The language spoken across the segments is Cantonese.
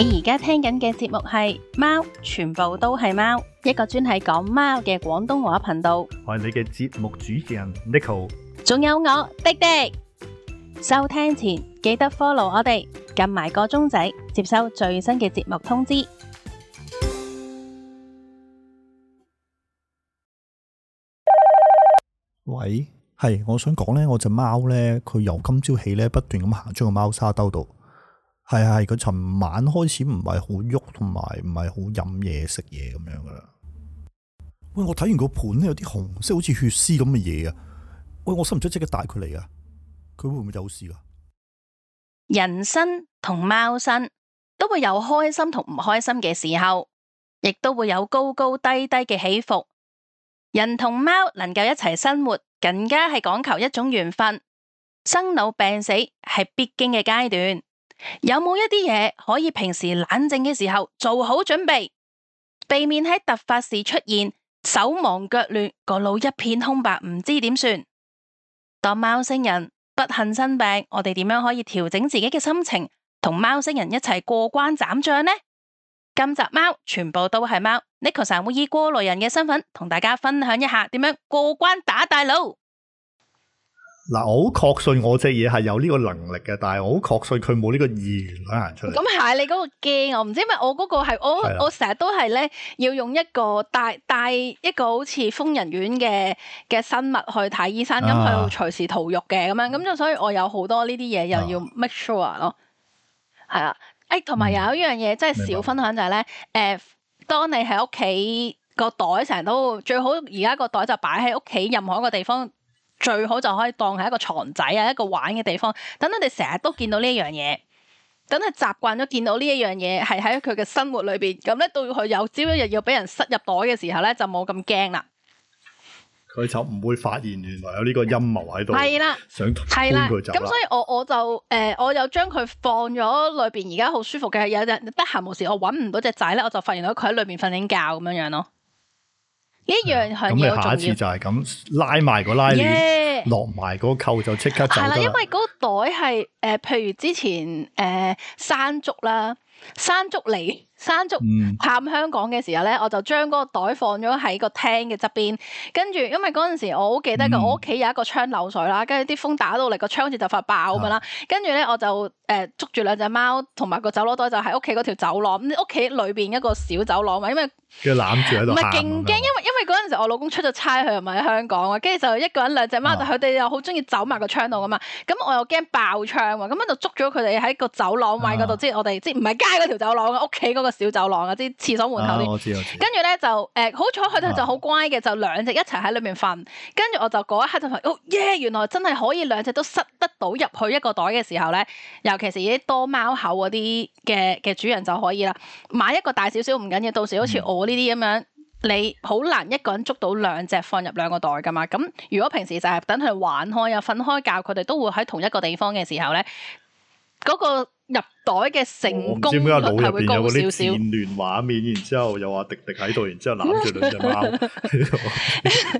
你而家聽緊嘅節目係《貓》，全部都係貓，一個專係講貓嘅廣東話頻道。我係你嘅節目主持人 Nico，仲有我廸廸。收聽前記得 follow 我哋，撳埋個鐘仔，接收最新嘅節目通知。喂，係，我想講呢，我隻貓呢，佢由今朝起呢，不斷咁行咗個貓沙兜度。係係，佢尋晚開始唔係好喐，同埋唔係好飲嘢食嘢咁樣噶啦。喂，我睇完個盤有啲紅色，好似血絲咁嘅嘢啊！喂，我使唔使即刻帶佢嚟啊？佢會唔會有事啊？人生同貓生，都會有開心同唔開心嘅時候，亦都會有高高低低嘅起伏。人同貓能夠一齊生活，更加係講求一種緣分。生老病死係必經嘅階段。有冇一啲嘢可以平時冷靜嘅時候做好準備，避免喺突發事出現手忙腳亂、個腦一片空白，唔知點算？當貓星人不幸生病，我哋點樣可以調整自己嘅心情，同貓星人一齊過關斬將呢？今集貓全部都係貓，NekoChing 會以過來人嘅身份同大家分享一下點樣過關打大佬。嗱，我好確信我隻嘢係有呢個能力嘅，但係我好確信佢冇呢個意願行出嚟。咁係、嗯、你嗰個驚啊？唔知咪我嗰個係我的我成日都係咧要用一個帶帶一個好似瘋人院嘅嘅生物去睇醫生，咁佢隨時逃獄嘅咁樣，咁就、啊、所以我有好多呢啲嘢又要 make sure 咯。係啊，誒同埋有一樣嘢真係少分享就係、是、咧，誒白，當你喺屋企，個袋成日都最好而家個袋就擺喺屋企任何一個地方。最好就可以當係一個床仔啊，一個玩嘅地方。等佢哋成日都見到呢一樣嘢，等佢習慣咗見到呢一樣嘢，係喺佢嘅生活裏邊。咁咧，到佢有朝一日要俾人塞入袋嘅時候咧，就冇咁驚啦。佢就唔會發現原來有呢個陰謀喺度。係啦的，想推佢走。咁所以我我就誒、呃，我有將佢放咗裏邊，而家好舒服嘅。有日得閒無事，我揾唔到隻仔咧，我就發現到佢喺裏邊瞓緊覺咁樣樣咯。一樣係好重要，嗯、下一次就係咁拉埋個拉鍊，Yeah 落埋個扣就即刻走。係啦，因為嗰個袋係誒、呃，譬如之前誒、呃、山竹啦。山竹嚟，山竹探香港嘅時候咧，我就將嗰個袋放咗喺個廳嘅側邊，跟住因為嗰陣時我好記得噶，我屋企有一個窗漏水啦，跟住啲風打到嚟個窗就就發爆咁樣啦，啊、跟住咧我就誒、呃、捉住兩隻貓同埋個走佬袋就喺屋企嗰條走廊，屋企裏邊一個小走廊嘛，因為攬住喺度，唔係勁驚，因為因為嗰陣時我老公出咗差去唔喺香港啊，跟住就一個人兩隻貓，佢哋、啊、又好中意走埋個窗度噶嘛，咁我又驚爆窗啊，咁樣就捉咗佢哋喺個走廊位嗰度，即係我哋即唔係街嗰條走廊，屋企嗰個小走廊啊，啲廁所門口跟住咧就誒，哎、好彩佢哋就好乖嘅，就兩隻一齊喺裏面瞓。跟住、啊、我就嗰一刻就話哦耶，yeah, 原來真係可以兩隻都塞得到入去一個袋嘅時候咧，尤其是啲多貓口嗰啲嘅嘅主人就可以啦。買一個大少少唔緊要，到時好似我呢啲咁樣，嗯、你好難一個人捉到兩隻放入兩個袋噶嘛。咁、嗯、如果平時就係等佢玩開啊，瞓開覺，佢哋都會喺同一個地方嘅時候咧，嗰個。嗰個入袋嘅成功率係會高少少。混亂畫面，然之後又話廸廸喺度，然之後攬住兩隻貓喺度。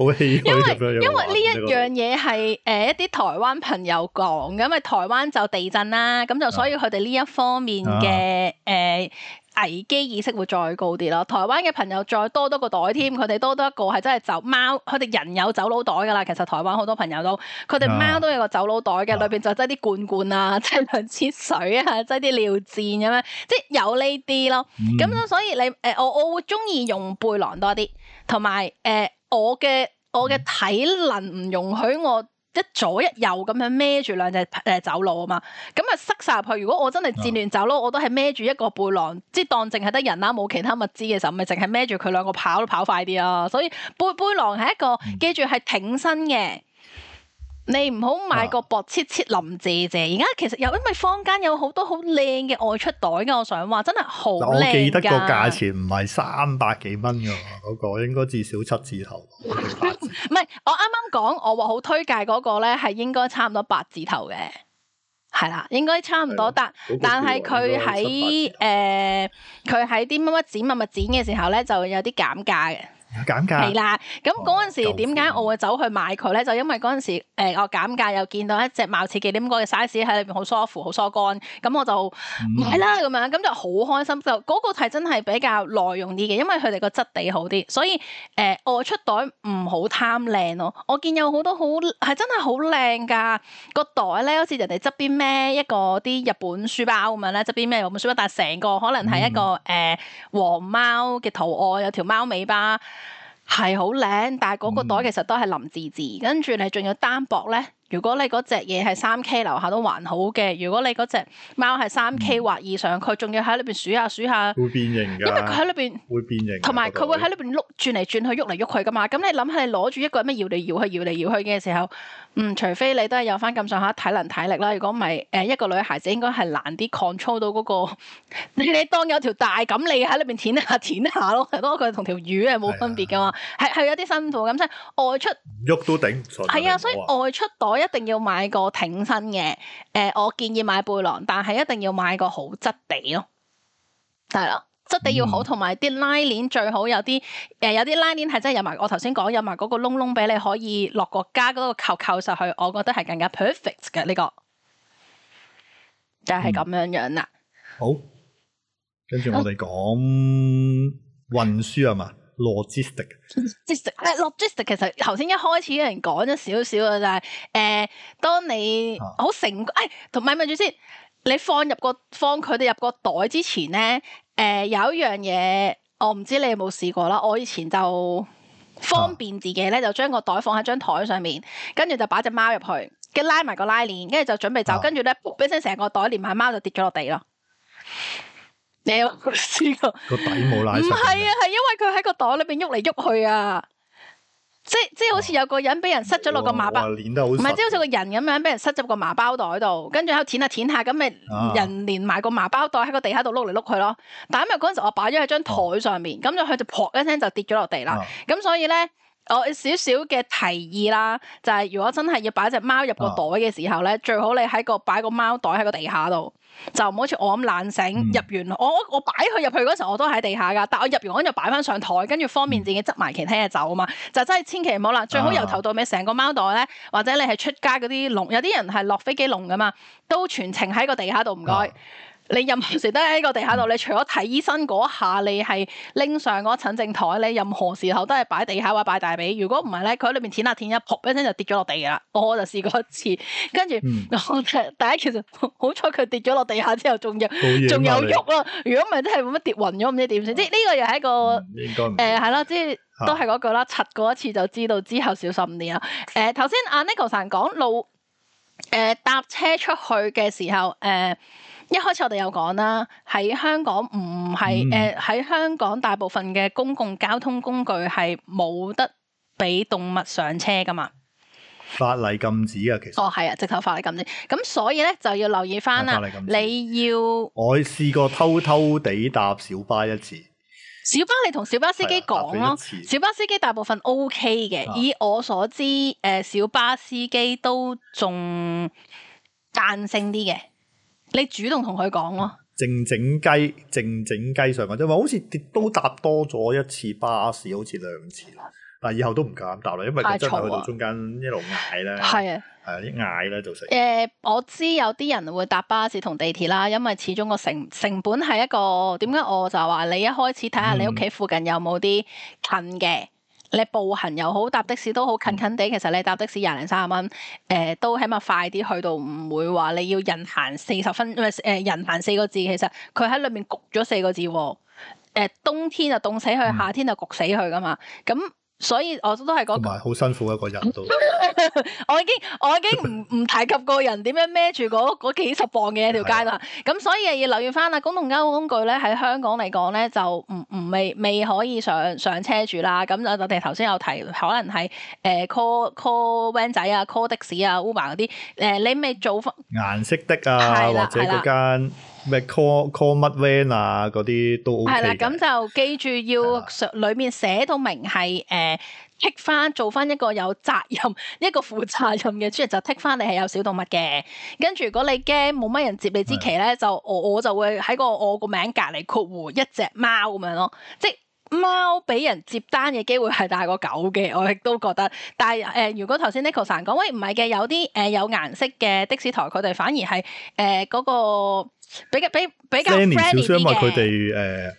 因為因為呢一樣嘢係誒一啲台灣朋友講，因為台灣就地震啦，咁就所以佢哋呢一方面嘅誒。呃啊呃危機意識會再高啲咯，台灣嘅朋友再多多個袋添，佢哋多多一個係真係走貓，佢哋人有走佬袋噶啦。其實台灣好多朋友都，佢哋貓都有個走佬袋嘅，裏邊就擠啲罐罐啊，擠、啊、兩支水啊，擠啲尿墊咁樣，即係有呢啲咯。咁樣、嗯、所以你誒，我我會鍾意用背囊多啲，同埋誒我嘅我嘅體能唔容許我。一左一右咁樣孭住兩隻誒走路啊嘛，咁咪塞晒入去。如果我真係戰亂走佬，我都係孭住一個背囊，即係當淨係得人啦，冇其他物資嘅時候，咪淨係孭住佢兩個跑都跑快啲咯。所以背背囊係一個記住係挺身嘅。你唔好買個薄切切林蔗蔗。而家其實又因為坊間有好多好靚嘅外出袋噶。我想話真係好靚㗎。我記得個價錢唔係三百幾蚊噶，嗰、那個應該至少七字頭。唔、那、係、個、 我啱啱。講我話好推介嗰個咧，係應該差唔多八字頭嘅。係啦，應該差唔多，得。但係佢喺誒佢喺啲乜乜剪乜乜剪嘅時候咧，就有啲減價嘅。減價係啦，咁嗰陣時點解我會走去買佢咧？哦、就因為嗰陣時，誒我減價又見到一隻貌似幾啲咁嘅 size 喺裏邊好疏乎、好疏干，咁我就買啦咁、嗯、樣，咁就好開心。就、那、嗰個係真係比較耐用啲嘅，因為佢哋個質地好啲。所以誒，外、呃、出袋唔好貪靚咯。我見有好多好係真係好靚噶個袋咧，好似人哋側邊孭一個啲日本書包咁樣咧，側邊孭日本書包，但係成個可能係一個誒、嗯呃、黃貓嘅圖案，有條貓尾巴。係好靚，但係嗰個袋其實都係淋滯滯，嗯、跟住你仲要單薄咧。如果你嗰隻嘢係三 K 樓下都還好嘅，如果你嗰隻貓係三 K 或以上，佢仲、嗯、要喺裏邊數下數下，會變形㗎，因為佢喺裏邊會變形，同埋佢會喺裏邊碌轉嚟轉去，喐嚟喐去㗎嘛。咁你諗下，你攞住一個咩搖嚟搖去、搖嚟搖去嘅時候，嗯，除非你都係有翻咁上下體能體力啦。如果唔係，誒一個女孩子應該係難啲 control 到嗰、嗰個。你你當有條大錦你喺裏邊舔下舔下咯，當佢同條魚係冇分別㗎嘛。係係、哎、呀有啲辛苦咁，即係外出唔喐都頂。係啊，所以外出袋。一定要買個挺身嘅，誒、呃，我建議買背囊，但係一定要買個好質地咯，係啦，質地要好，同埋啲拉鏈最好有啲，誒、呃，有啲拉鏈係真係有埋，我頭先講有埋嗰個窿窿，俾你可以落個夾嗰個扣扣實去，我覺得係更加 perfect 嘅，呢個就，就係咁樣樣啦。好，跟住我哋講運輸啊嘛。哦 logistic，logistic、呃、Log 其實頭先一開始有人講咗少少嘅就係、是，誒、呃，當你好成功，誒、哎，同埋咪住先，你放入個放佢哋入個袋之前咧，誒、呃，有一樣嘢，我唔知你有冇試過啦，我以前就方便自己咧，就將個袋放喺張枱上面，跟住就擺隻貓入去，跟住拉埋個拉鏈，跟住就準備走，跟住咧，俾成成個袋連埋貓就跌咗落地咯。你我試過個底冇拉，唔係啊，係因為佢喺個袋裏邊喐嚟喐去啊，即即好似有個人俾人塞咗落個麻包，包，唔係即好似個人咁樣俾人塞咗個，個麻包袋度，跟住喺度舔下舔下，咁咪人連埋個麻包袋喺個地下度碌嚟碌去咯。但係因為嗰陣我擺咗喺張台上面，咁、啊、就佢就撲一聲就跌咗落地啦。咁、啊、所以咧，我少少嘅提議啦，就係、是、如果真係要擺隻貓入個袋嘅時候咧，啊、最好你喺個擺個貓袋喺個地下度。就唔好似我咁懶醒，嗯、入完我我擺佢入去嗰陣時，我都喺地下噶。但我入完我就擺翻上台，跟住方便自己執埋其他嘢走啊嘛。就真係千祈唔好啦，最好由頭到尾成、啊、個貓袋咧，或者你係出街嗰啲籠，有啲人係落飛機籠噶嘛，都全程喺個地下度，唔該。你任何時都喺個地下度，你除咗睇醫生嗰下你，你係拎上嗰個診症台咧。任何時候都係擺地下或擺大髀。如果唔係咧，佢喺裏面舔下舔一，噗一,一,一聲就跌咗落地㗎喇。我就試過一次，跟住第一其實好彩佢跌咗落地下之後仲有仲、啊、有喐。如果唔係真係冇乜跌暈咗，唔知點先。嗯、即係呢個又係一個誒係咯，即係、呃就是、都係嗰句啦。擦過一次就知道之後小心啲啦。誒、呃、頭先阿 Neko 神講路誒搭、呃、車出去嘅時候誒。呃一開始我哋有講啦，喺香港唔係誒，喺、嗯呃、香港大部分嘅公共交通工具係冇得俾動物上車㗎嘛。法例禁止嘅，其實哦係啊，直頭法例禁止。咁所以咧就要留意返啦。法例禁止。你要我去試過偷偷地搭小巴一次。小巴你同小巴司機講咯。小巴司機大部分 O K 嘅，啊、以我所知誒、呃，小巴司機都仲彈性啲嘅。你主動同佢講咯，靜靜雞，靜靜雞上嘅啫嘛，好似都搭多咗一次巴士，好似兩次啦。但係以後都唔敢搭啦，因為真係佢去到中間一路嗌咧，係啊，一嗌咧就成。誒、嗯呃，我知有啲人會搭巴士同地鐵啦，因為始終個成成本係一個。點解？我就話你一開始睇下你屋企附近有冇啲近嘅。嗯你步行又好，搭的士都好，近近地。其實你搭的士廿零三十蚊，誒、呃、都起碼快啲去到，唔會話你要人行四十分，唔係誒人行四個字。其實佢喺裏面焗咗四個字喎、呃。冬天就凍死佢，夏天就焗死佢噶嘛。咁。所以我都都係講，同埋好辛苦，一個人都。我已經我已經唔唔提及個人點樣孭住嗰嗰幾十磅嘅一條街啦。咁是的 所以又要留意翻啊，公共交通工具咧喺香港嚟講咧就唔唔未未可以上上車住啦。咁就我哋頭先有提，可能係誒 call call van 仔啊，call 的士啊，Uber 嗰啲誒，你未做翻？顏色的啊，的或者嗰間。咩 call call 乜 van 啊嗰啲都 OK 啦，咁 就記住要上裏面寫到明係誒剔翻做翻一個有責任一個負責任嘅，主人就剔 i 翻你係有小動物嘅。跟住如果你驚冇乜人接你之期咧，的就我我就會喺個我個名隔離括弧一隻貓咁樣咯。即貓俾人接單嘅機會係大過狗嘅，我亦都覺得。但係誒、呃，如果頭先 Neko 講喂，唔係嘅，有啲誒、呃、有顏色嘅的，的，的士台佢哋反而係誒嗰個。比，比，比較比比較 friendly 少少，因為佢哋誒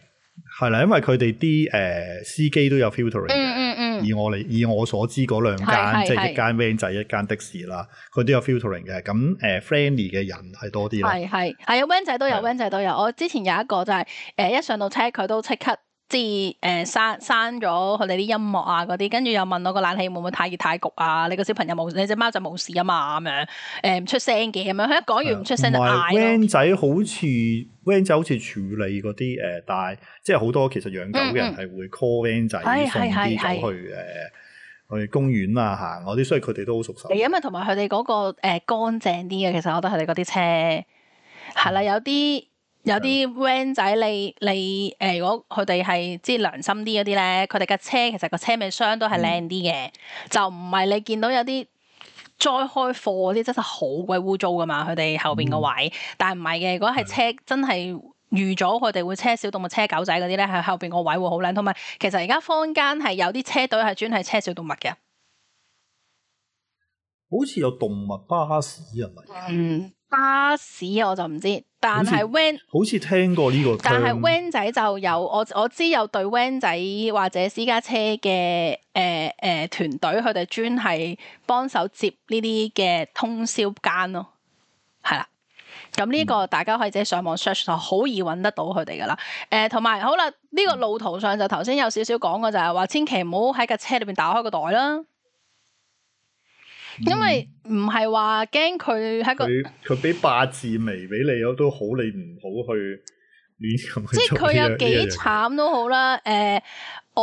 係啦，因為佢哋啲誒司機都有 filtering 嘅、嗯。嗯嗯嗯。以我嚟，以我所知兩，嗰兩間即係一間 van 仔，的一間的士啦，佢都有 filtering 嘅。咁誒，friendly 嘅人係多啲啦。係係係，van 仔都有，van 仔都有。的我之前有一個就係、是、誒、呃，一上到車佢都即刻。即係誒刪刪咗佢哋啲音樂啊嗰啲，跟住又問我個冷氣會唔會太熱太焗啊？你個小朋友冇，你隻貓仔冇事啊嘛咁樣誒唔出聲嘅咁樣，佢一講完唔出聲就嗌啊！唔係，van 仔好似 van 仔好似處理嗰啲誒，但係即係好多其實養狗嘅人係會 call van 仔送啲狗去誒、呃、去公園啊行嗰啲，所以佢哋都好熟手。因為同埋佢哋嗰個誒、呃、乾淨啲嘅，其實我覺得佢哋嗰啲車係啦、嗯，有啲。有啲 van 仔，你你誒、呃，如果佢哋係即係良心啲嗰啲咧，佢哋嘅車其實個車尾箱都係靚啲嘅，嗯、就唔係你見到有啲載開貨嗰啲，真係好鬼污糟㗎嘛，佢哋後邊個位。但係唔係嘅，如果係車真係預咗佢哋會車小動物、車狗仔嗰啲咧，喺後邊個位會好靚。同埋其實而家坊間係有啲車隊係專係車小動物嘅，好似有動物巴士係咪？唔嗯，巴士我就唔知。但係 Van 好似聽過呢個，但係 Van 仔、仔就有我我知有對 Van 仔或者私家車嘅誒誒團隊，佢哋專係幫手接呢啲嘅通宵間咯，係啦。咁呢個大家可以自己上網 search，就、嗯、好易搵得到佢哋噶啦。誒、呃，同埋好啦，呢、呢個路途上就頭先有少少講嘅就係話，千祈唔好喺架車裏邊打開個袋啦。因為唔係話驚佢喺個佢俾八字眉俾你囉都好，你唔好去亂咁。亂即係佢有幾慘都、這個這個、好啦，誒、呃。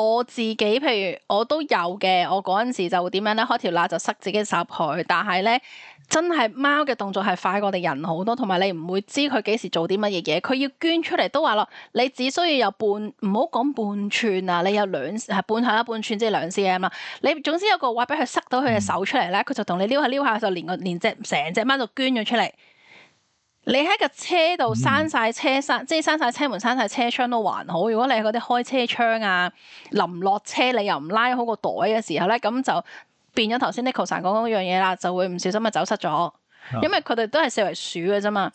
我自己譬如我都有嘅，我嗰陣時就會點樣咧？開條罅就塞自己嘅手入去。但係咧，真係貓嘅動作係快過我哋人好多，同埋你唔會知佢幾時做啲乜嘢嘢。佢要捐出嚟都話咯，你只需要有半唔好講半寸啊！你有兩半下一半寸即係兩 cm 啊。你總之有個話，俾佢塞到佢嘅手出嚟咧，佢就同你撩下撩下，就連個連隻成隻貓就捐咗出嚟。你喺個車度閂晒車閂，即係閂晒車門、閂晒車窗都還好。如果你係嗰啲開車窗啊、臨落車你又唔拉好個袋嘅時候咧，咁就變咗頭先 Nicole 講講嗰樣嘢啦，就會唔小心咪走失咗。因為佢哋都係四圍鼠嘅啫嘛，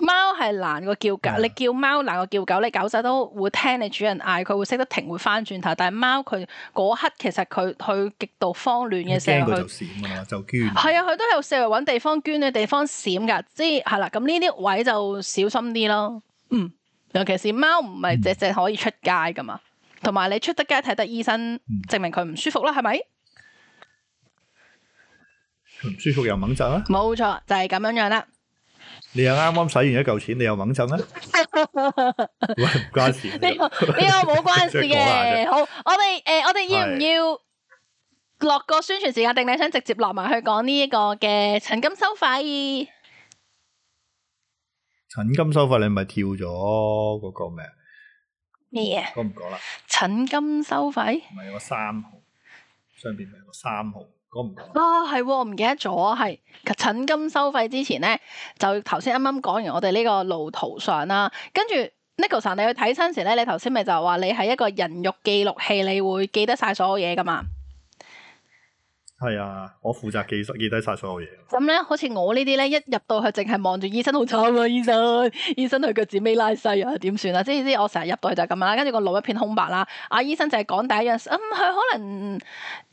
貓係貓難過叫狗，的你叫貓難過叫狗，你狗仔都會聽你主人嗌，佢會識得停，會翻轉頭。但係貓佢嗰刻其實佢佢極度慌亂嘅時候，佢就閃啊，係啊它，佢都係四圍揾地方捐嘅地方閃㗎，即係係啦。咁呢啲位就小心啲咯。嗯，尤其是貓唔係隻隻可以出街㗎嘛，同埋、嗯、你出得街睇得醫生，證明佢唔舒服啦，係咪？唔舒服又掹針啦，冇錯就係、是、咁樣樣啦。你又啱啱使完一嚿錢，你又掹針啦？唔 關事，呢個冇關事嘅。 好，我哋誒、呃，我哋要唔要落個宣傳時間？定是你想直接落埋去講呢個嘅診金收費？診金收費你咪跳咗嗰個咩啊？咩嘢 Yeah.？我唔講啦。診金收費咪有個三號，上邊咪有個三號。啊，係喎、哦，我唔、哦、記得咗，係診金收費之前咧，就頭先啱啱講完我哋呢個路途上啦。跟住 Nicholson 你去睇親時咧，你頭先咪就話你係一個人肉記錄器，你會記得晒所有嘢㗎嘛？係啊，我負責記曬記低晒所有嘢。咁咧，好似我呢啲咧，一入到去，淨係望住醫生好慘啊！醫生，醫生，佢腳趾尾拉細啊，點算啊？即係即係？我成日入到去就係咁啦，跟住個腦一片空白啦。啊，醫生就係講第一樣，嗯，佢可能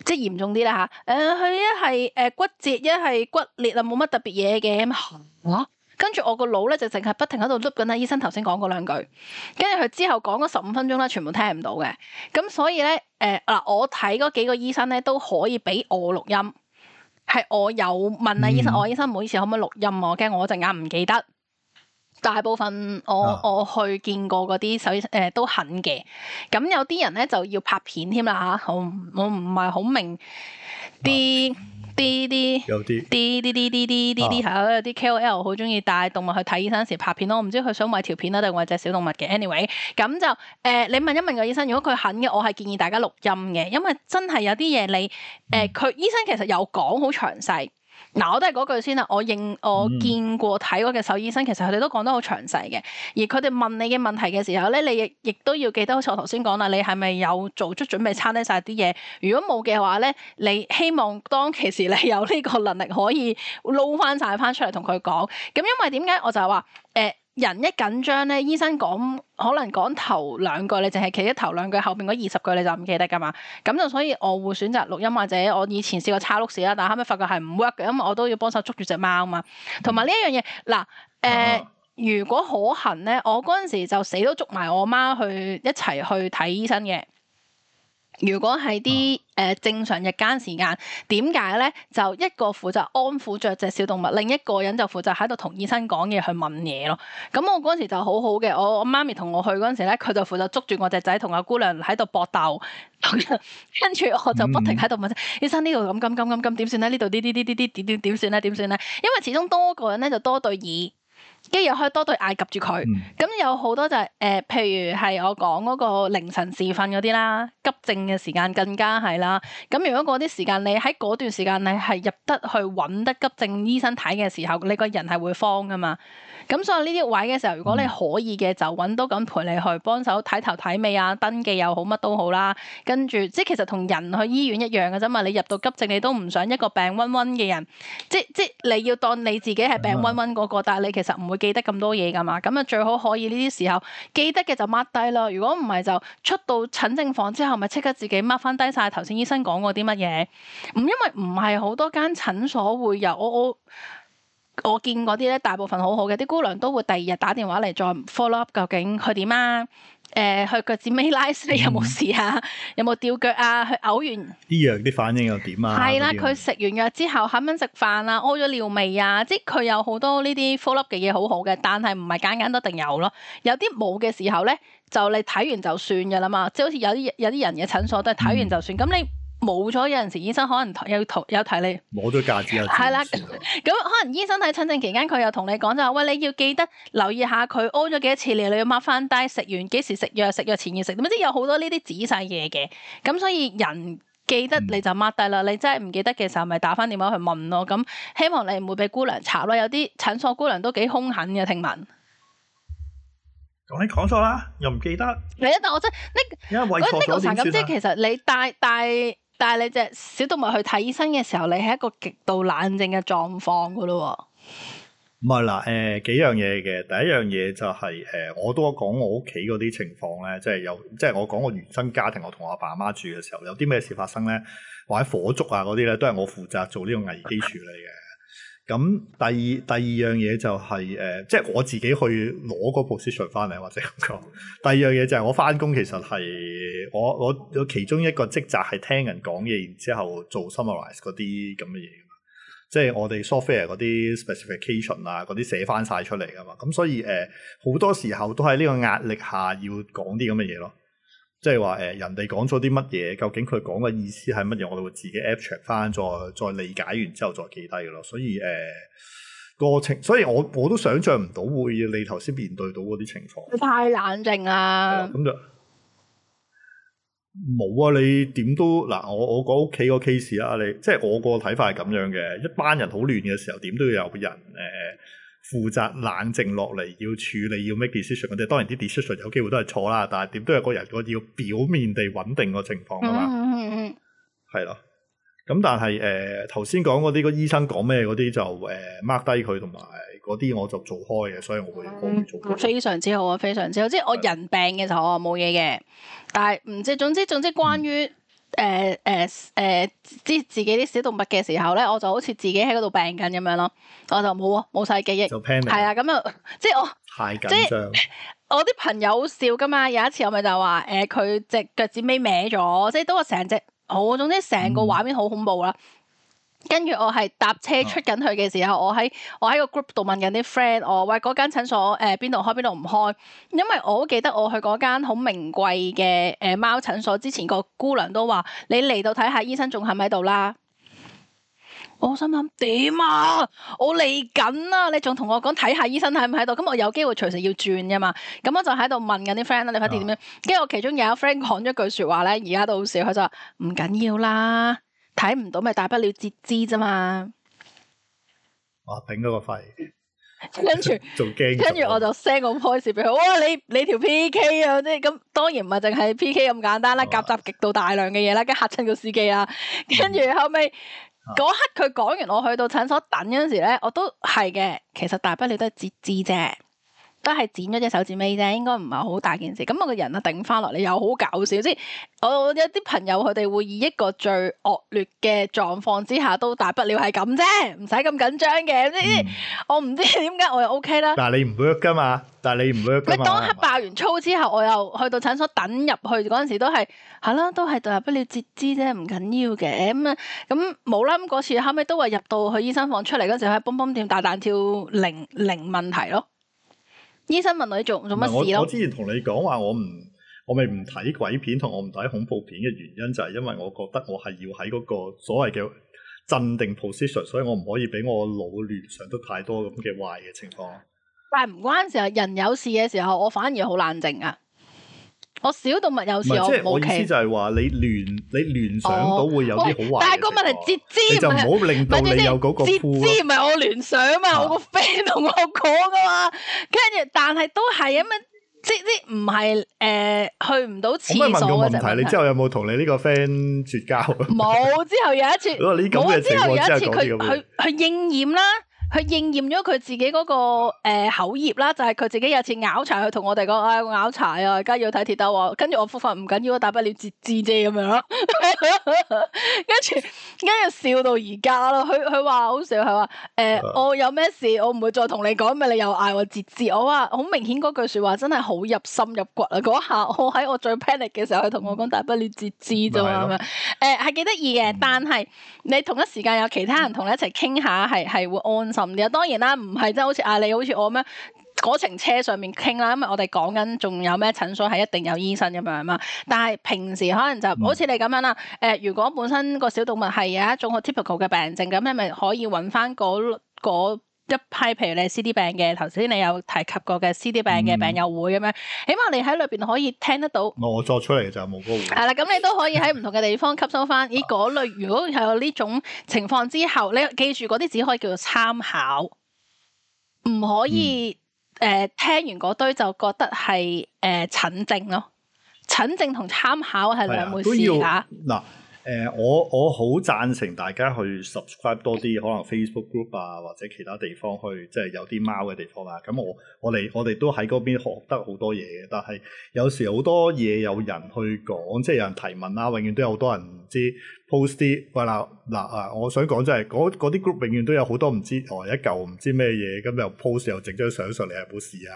即係嚴重啲啦吓，誒、啊，佢一係誒、呃、骨折，一係骨裂、嗯、啊，冇乜特別嘢嘅。咁嚇！跟住我個腦咧就淨係不停喺度碌緊啊！醫生頭先講嗰兩句，跟住佢之後講嗰十五分鐘咧全部聽唔到嘅。咁所以咧誒嗱，我睇嗰幾個醫生咧都可以俾我錄音，係我有問啊醫生，嗯、我醫生唔好意思可唔可以錄音？我驚我一陣間唔記得。大部分我、啊、我，我去見過嗰啲獸醫都肯嘅。咁、嗯、有啲人咧就要拍片添啦嚇，我我唔係好明啲。嗯啲啲，啲啲啲啲啲啲啲係咯，有啲 KOL 好中意帶動物去睇醫生時拍片咯，我唔知佢想買條片啊，定係買隻小動物嘅。anyway，咁就誒、呃，你問一問個醫生，如果佢肯嘅，我係建議大家錄音嘅，因為真係有啲嘢你誒，佢、呃、醫生其實有講好詳細。嗱、啊，我都係嗰句先啦。我認我見過睇過嘅獸醫生，其實佢哋都講得好詳細嘅。而佢哋問你嘅問題嘅時候咧，你亦亦都要記得，好似我頭先講啦，你係咪有做足準備，差呢晒啲嘢？如果冇嘅話咧，你希望當其時你有呢個能力可以撈翻晒翻出嚟同佢講。咁因為點解我就係話誒。呃人一緊張咧，醫生講可能講頭兩句你淨係記得頭兩句，後邊嗰二十句你就唔記得噶嘛。咁就所以我會選擇錄音或者我以前試過抄錄紙啦，但後尾發覺係唔 work 嘅，因為我都要幫手捉住隻貓嘛。同埋呢一樣嘢，嗱，誒、呃，哦、如果可行咧，我嗰陣時就死都捉埋我媽去一齊去睇醫生嘅。如果係啲誒正常日間時間，點解咧？就一個負責安撫着隻小動物，另一個人就負責喺度同醫生講嘢去問嘢咯。咁我嗰陣時就好好嘅，我我媽咪同我去嗰陣時咧，佢就負責捉住我隻仔同阿姑娘喺度搏鬥，跟住我就不停喺度問、嗯、醫生：甲甲甲呢度咁咁咁咁咁點算咧？呢度啲啲啲啲啲點點點算咧？點算咧？因為始終多個人咧就多對耳。跟住又可以多對眼，及住佢，咁有好多就係、是、誒、呃，譬如係我講嗰個凌晨時分嗰啲啦，急症嘅時間更加係啦。咁如果嗰啲時間你喺嗰段時間你係入得去揾得急症醫生睇嘅時候，你個人係會慌噶嘛。咁所以呢啲位嘅時候，如果你可以嘅就揾多個人陪你去幫手睇頭睇尾啊，登記又好乜都好啦。跟住即係其實同人去醫院一樣嘅啫嘛。你入到急症你都唔想一個病瘟瘟嘅人，即即你要當你自己係病瘟瘟嗰個，嗯、但係你其實唔會。記得咁多嘢㗎嘛，咁啊最好可以呢啲時候記得嘅就 mark 低咯。如果唔係就出到診症房之後，咪即刻自己 mark 返低晒頭先醫生講過啲乜嘢。咁因為唔係好多間診所會有，我我我見嗰啲咧，大部分好好嘅，啲姑娘都會第二日打電話嚟再 follow up，究竟佢點啊？誒去、呃、腳趾尾拉你、嗯、有冇事啊？有冇吊腳啊？佢嘔完啲藥啲反應又點啊？係啦、啊，佢食完藥之後肯肯食飯啊？屙咗尿未啊？即係佢有多好多呢啲 follow up 嘅嘢好好嘅，但係唔係間間都一定有咯。有啲冇嘅時候咧，就你睇完就算㗎喇嘛。即係好似有啲有啲人嘅診所都係睇完就算咁、嗯、你。冇咗有陣時，醫生可能有同有提你冇咗價值啊！係啦，咁 可能醫生喺診症期間，佢又同你講就話：喂，你要記得留意下佢屙咗幾多次尿，你又要 mark 翻低，食完幾時食藥，食藥前要食，咁即係有好多呢啲仔細嘢嘅。咁所以人記得你就 mark 低啦，嗯、你真係唔記得嘅時候，咪打翻電話去問咯。咁希望你唔會俾姑娘查咯，有啲診所姑娘都幾兇狠嘅，聽聞。講你講錯啦，又唔記得。你一但我真係呢，因為為錯咁即係其實你帶帶。但係你隻小動物去睇醫生嘅時候，你係一個極度冷靜嘅狀況噶咯喎。唔係嗱，誒，幾樣嘢嘅，第一樣嘢就係誒，我都講我屋企嗰啲情況咧，即係有，即係我講我原生家庭，我同我阿爸阿媽住嘅時候，有啲咩事發生咧，或者火燭啊，嗰啲咧，都係我負責做呢個危機處理嘅。 咁第二第二樣嘢就係、是、誒，即係我自己去攞個 position 翻嚟或者咁講。第二樣嘢就係我翻工，其實係我我其中一個職責係聽人講嘢，然之後做 summarize 嗰啲咁嘅嘢。即係我哋 software 嗰啲 specification 啊，嗰啲寫翻晒出嚟噶嘛。咁所以誒，好多時候都喺呢個壓力下要講啲咁嘅嘢咯。即係話誒，人哋講咗啲乜嘢？究竟佢講嘅意思係乜嘢？我哋會自己 app check 翻，再再理解完之後再記低嘅咯。所以誒，過、呃、程、嗰個、所以我我都想象唔到會你頭先面對到嗰啲情況。你太冷靜啦。咁、嗯、就冇啊！你點都嗱，我我講屋企個 case 啊，你即係我個睇法係咁樣嘅，一班人好亂嘅時候，點都要有個人誒。呃負責冷靜落嚟，要處理要 make decision，或者當然啲 decision 有機會都係錯啦。但係點都有個人要表面地穩定個情況啊嘛。係咯。咁但係誒頭先講嗰啲個醫生講咩嗰啲就誒 mark 低佢同埋嗰啲我就做開嘅，所以我會幫你、嗯、做。非常之好啊，非常之好。即係是的 我人病嘅時候，我冇嘢嘅。但係唔知總之總之關於。嗯誒誒誒，知，呃呃、自己啲小動物嘅時候咧，我就好似自己喺度病緊咁樣咯，我就冇冇晒記憶，係啊，咁就即係我太緊張。即我啲朋友好笑噶嘛，有一次我咪就話誒，佢，呃、隻腳趾尾歪咗，即係都話成隻好，總之成個畫面好恐怖啦。嗯跟住我係搭車出緊去嘅時候，我喺我喺個 group 度問緊啲 friend，我喂嗰間診所誒邊度開邊度唔開，因為我好記得我去嗰間好名貴嘅誒貓診所之前個姑娘都話：你嚟到睇下醫生仲喺唔喺度啦。我心諗點啊？我嚟緊啦，你仲同我講睇下醫生喺唔喺度？咁我有機會隨時要轉嘅嘛。咁我就喺度問緊啲 friend 啦，你睇下點樣？跟住、啊、我其中有一 friend 講咗句説話咧，而家都好笑，佢就話唔緊要啦。睇唔到咪大不了截肢咋嘛？哇！頂到個肺，跟住仲驚，跟住 我就 send 個 post 俾佢。哇！你你條 P K 啊，即係咁當然唔係淨係 P K 咁簡單啦，哇夾雜極度大量嘅嘢啦，跟嚇親個司機啦。跟住、嗯、後尾嗰、啊、刻佢講完，我去到診所等嗰陣時咧，我都係嘅。其實大不了都係截肢啫。都係剪咗隻手指尾啫，應該唔係好大件事。咁我個人啦，頂翻落嚟又好搞笑。即係我有啲朋友佢哋會以一個最惡劣嘅狀況之下都大不了係咁啫，唔使咁緊張嘅。即、嗯、我唔知點解我又 OK 啦。但係你唔會喐噶嘛？但係你唔會喐，你當刻爆完粗之後，我又去到診所等入去嗰陣時都係係啦，都係、嗯、大不了截肢啫，唔緊要嘅咁啊。咁冇啦，嗰次後尾都話入到去醫生房出嚟嗰陣時，喺蹦蹦店大彈跳零零問題咯。醫生問你做做乜事咯？我之前同你講話，我唔我咪唔睇鬼片同我唔睇恐怖片嘅原因，就係因為我覺得我係要喺嗰個所謂嘅鎮定 position，所以我唔可以俾我腦亂想得太多咁嘅壞嘅情況。但係唔關事啊！人有事嘅時候，我反而好冷靜啊！我少到物有事，我冇奇。即係我意思就係話你聯你聯想到會有啲好壞，但係個問題截肢就唔好令到你有嗰個。截肢唔係我聯想啊！我個 friend 同我講噶嘛，跟住但係都係咁樣，即係唔係誒去唔到廁所啊？咁問題，你之後有冇同你呢個 friend 絕交？冇。之後有一次，我之後有一次佢去應驗啦。佢應驗咗佢自己嗰個，呃，口業啦，就係佢自己有次拗柴，去同我哋講，哎，我拗柴啊，而家要睇跌打喎。跟住我覆返唔緊要啊，大不了截肢啫咁樣咯。跟住，跟住笑到而家咯。佢佢話好笑，係話誒，我有咩事，我唔會再同你講，咪你又嗌我截肢。我話好明顯嗰句説話真係好入心入骨啊！嗰一下，我喺我最 panic 嘅時候，佢同我講：大不了截肢啫嘛咁樣。誒，嗯，係幾得意嘅，但係你同一時間有其他人同你一齊傾下，係係會安心。咁當然啦，唔係真係好似啊，你好似我咁樣嗰程車上面傾啦，因為我哋講緊仲有咩診所係一定有醫生咁樣嘛。但係平時可能就好似、嗯、你咁樣啦。誒、呃，如果本身個小動物係有一種好 typical 嘅病症咁，係咪可以搵返嗰？那個一批譬如你 CD 病嘅，頭先你有提及過嘅 CD 病嘅病友會咁樣，嗯、起碼你喺裏邊可以聽得到。哦、我作出嚟就冇嗰個。係啦，咁你都可以喺唔同嘅地方吸收返、這個。咦，嗰類如果係有呢種情況之後，你記住嗰啲只可以叫做參考，唔可以誒、嗯呃、聽完嗰堆就覺得係誒診症咯。診症同參考係兩回事嚇。嗱。誒、呃，我我好贊成大家去 subscribe 多啲，可能 Facebook group 啊，或者其他地方去，即係有啲貓嘅地方啊。咁我我哋我哋都喺嗰邊學得好多嘢嘅，但係有時好多嘢有人去講，即係有人提問啦、啊，永遠都有好多人唔知。post 啲話嗱嗱啊，我想講就係嗰啲 group 永遠都有好多唔知外、哦、一嚿唔知咩嘢，咁又 post 又整張相上嚟啊，冇事啊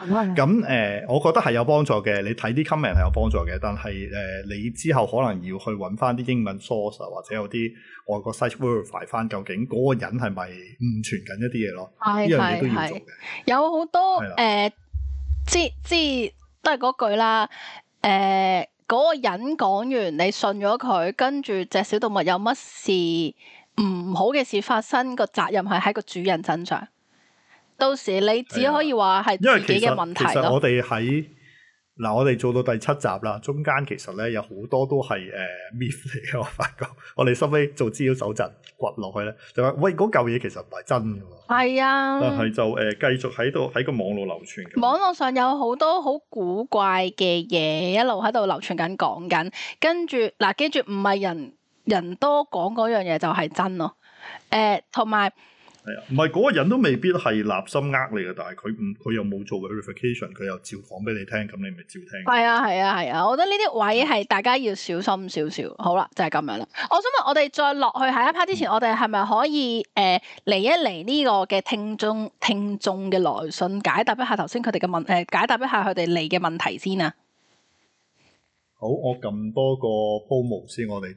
咁樣。咁誒的、呃，我覺得係有幫助嘅，你睇啲 comment 係有幫助嘅，但係誒、呃、你之後可能要去揾翻啲英文 source、啊、或者有啲外國 site verify 翻究竟嗰個人係咪誤傳緊一啲嘢咯？呢樣嘢都要做嘅。有好多誒，即即的、嗯、都係嗰句啦，誒、嗯。嗰個人講完，你信咗佢，跟住隻小動物有乜事唔好嘅事發生，個責任係喺個主人身上。到時你只可以話係自己嘅問題咯。嗱、啊，我哋做到第七集啦，中間其實咧有好多都係誒 myth 嚟嘅，我發覺我。我哋收尾做資料蒐集，掘落去咧就話、是，喂嗰嚿嘢其實唔係真㗎喎。係啊，但係就誒、呃、繼續喺度喺個網絡流傳。網絡上有好多好古怪嘅嘢，一路喺度流傳緊講緊，跟住嗱，記住唔係人人多講嗰樣嘢就係真咯。誒、啊，同埋。係啊，唔係嗰個人都未必係立心呃你嘅，但係佢唔佢又冇做 verification，佢又照講俾你，你聽，咁你咪照聽。係啊，係啊，係啊，我覺得呢啲位係大家要小心少少。好啦，就係、是、咁樣啦。我想問我哋再落去下一 part 之前，嗯、我哋係咪可以誒嚟、呃、一嚟呢個嘅聽眾聽眾嘅來信解答一下頭先佢哋嘅問誒、呃、解答一下佢哋嚟嘅問題先啊。好，我撳多個 promo 先，我哋。